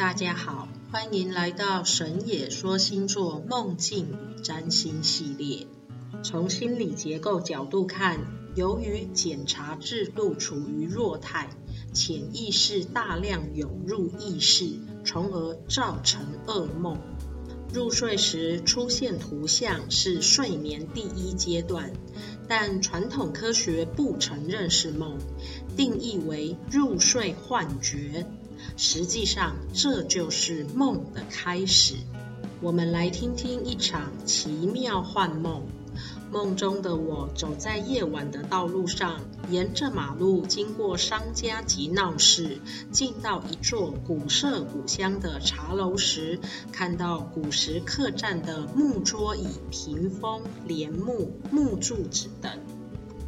大家好，歡迎來到神野說星座夢境與占星系列。從心理結構角度看，由於檢查制度處於弱態，潛意識大量湧入意識，從而造成噩夢。入睡時出現圖像是睡眠第一階段，但傳統科學不承認是夢，定義為入睡幻覺。實際上，這就是夢的開始。我們來聽聽一場奇妙幻夢。夢中的我走在夜晚的道路上，沿着馬路經過商家及鬧市，進到一座古色古香的茶樓時，看到古時客棧的木桌椅、屏風、簾幕、木柱子等。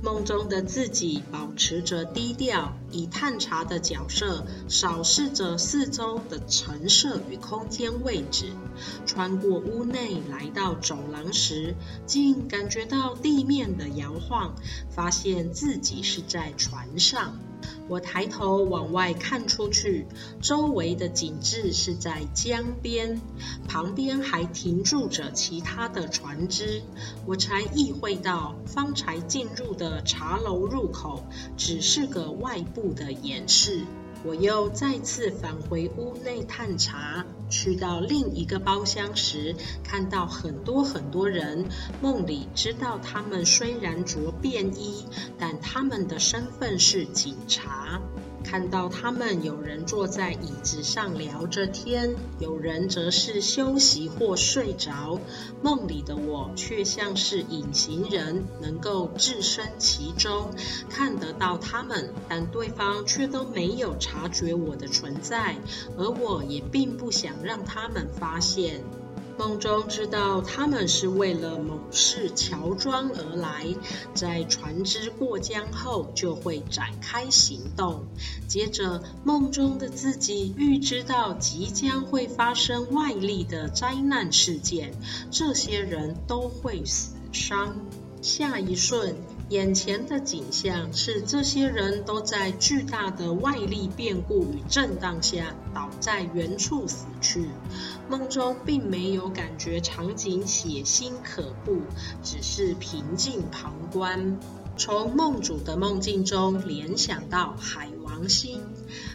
夢中的自己保持着低調以探查的角色，掃視着四周的陳設與空間位置。穿過屋內來到走廊時，竟感覺到地面的搖晃，發現自己是在船上。我抬頭往外看出去，周圍的景緻是在江邊，旁邊還停住着其他的船隻。我才意會到，方才進入的茶樓入口只是個外部的掩飾。我又再次返回屋內探查。去到另一個包廂時，看到很多很多人。夢裡知道，他們雖然着便衣，但他們的身份是警察。看到他們，有人坐在椅子上聊着天，有人則是休息或睡着。夢裡的我卻像是隱形人，能夠置身其中，看得到他們，但對方卻都沒有察覺我的存在，而我也並不想讓他們發現。夢中知道他們是為了某事喬裝而來，在船只過江後就會展開行動。接着，夢中的自己預知到即將會發生外力的災難事件，這些人都會死傷。下一瞬，眼前的景象是這些人都在巨大的外力變故與震盪下倒在原處死去。夢中並沒有感覺場景血腥可怖，只是平靜旁觀。從夢主的夢境中聯想到海王星，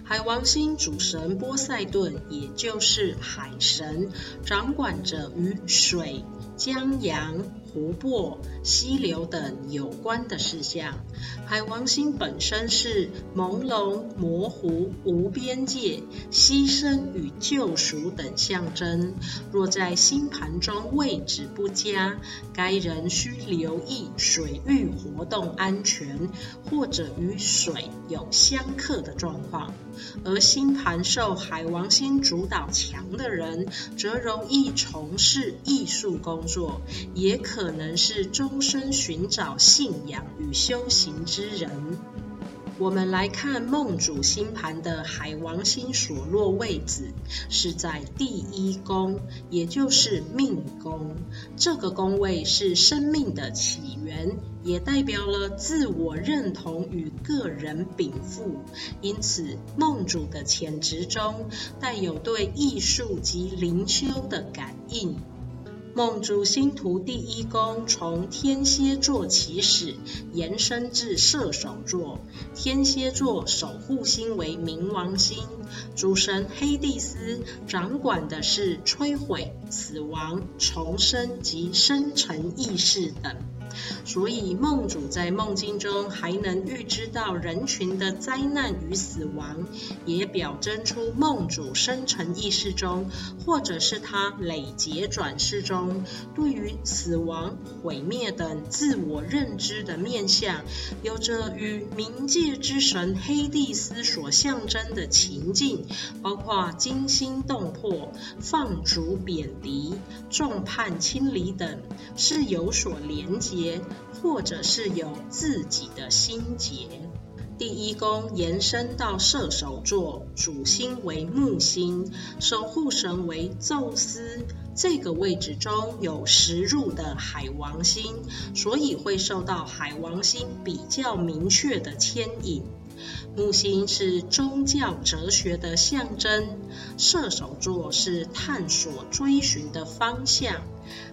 海王星主神波塞頓，也就是海神，掌管着雨水、江洋。湖泊、溪流等有關的事項。海王星本身是朦朧、模糊、無邊界、犧牲與救贖等象徵。若在星盤中位置不佳，該人需留意水域活動安全，或者與水有相克的狀況。而星盤受海王星主導強的人，則容易從事藝術工作，也可。可能是終身尋找信仰與修行之人。我們來看夢主星盤的海王星所落位置是在第一宮，也就是命宮。這個宮位是生命的起源，也代表了自我認同與個人稟賦。因此，夢主的潛質中帶有對藝術及靈修的感應。夢主星圖第一宮從天蠍座起始，延伸至射手座。天蠍座守護星為冥王星，主神黑帝斯掌管的是摧毀、死亡、重生及生辰意識等。所以夢主在夢境中還能預知到人群的災難與死亡，也表徵出夢主生成意識中，或者是他累劫轉世中，對於死亡、毀滅等自我認知的面向，有着與冥界之神黑帝斯所象徵的情境，包括驚心動魄、放逐貶低、眾叛親離等，是有所連結。或者是有自己的心結。第一宮延伸到射手座，主星為木星，守護神為宙斯。這個位置中有食入的海王星，所以會受到海王星比較明確的牽引。木星是宗教哲學的象徵，射手座是探索追尋的方向。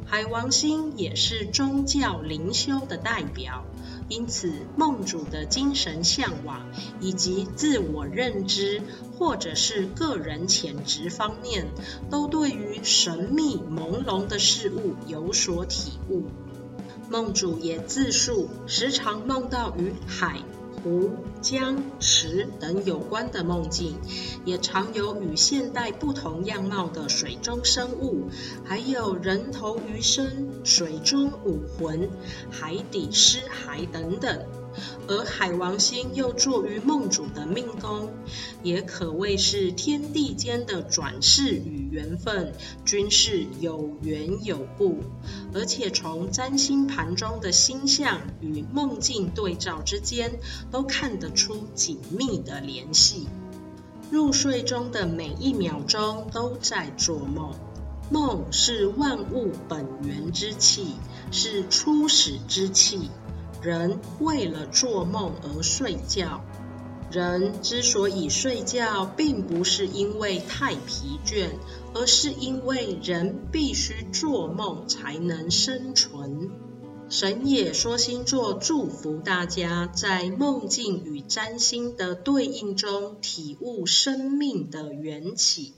海王星也是宗教靈修的代表，因此夢主的精神向往以及自我認知，或者是個人潛質方面，都對於神秘朦朧的事物有所體悟。夢主也自述，時常夢到與海。湖、江、池等有關的夢境，也常有與現代不同樣貌的水中生物，還有人頭魚身、水中武魂、海底屍骸等等。而海王星又坐於夢主的命宮，也可謂是天地間的轉世與緣分，均是有緣有故。而且從占星盤中的星象與夢境對照之間，都看得出緊密的聯繫。入睡中的每一秒鐘都在做夢，夢是萬物本源之氣，是初始之氣。人為了做夢而睡覺，人之所以睡覺，並不是因為太疲倦，而是因為人必須做夢才能生存。神野說星座祝福大家，在夢境與占星的對應中，體悟生命的緣起。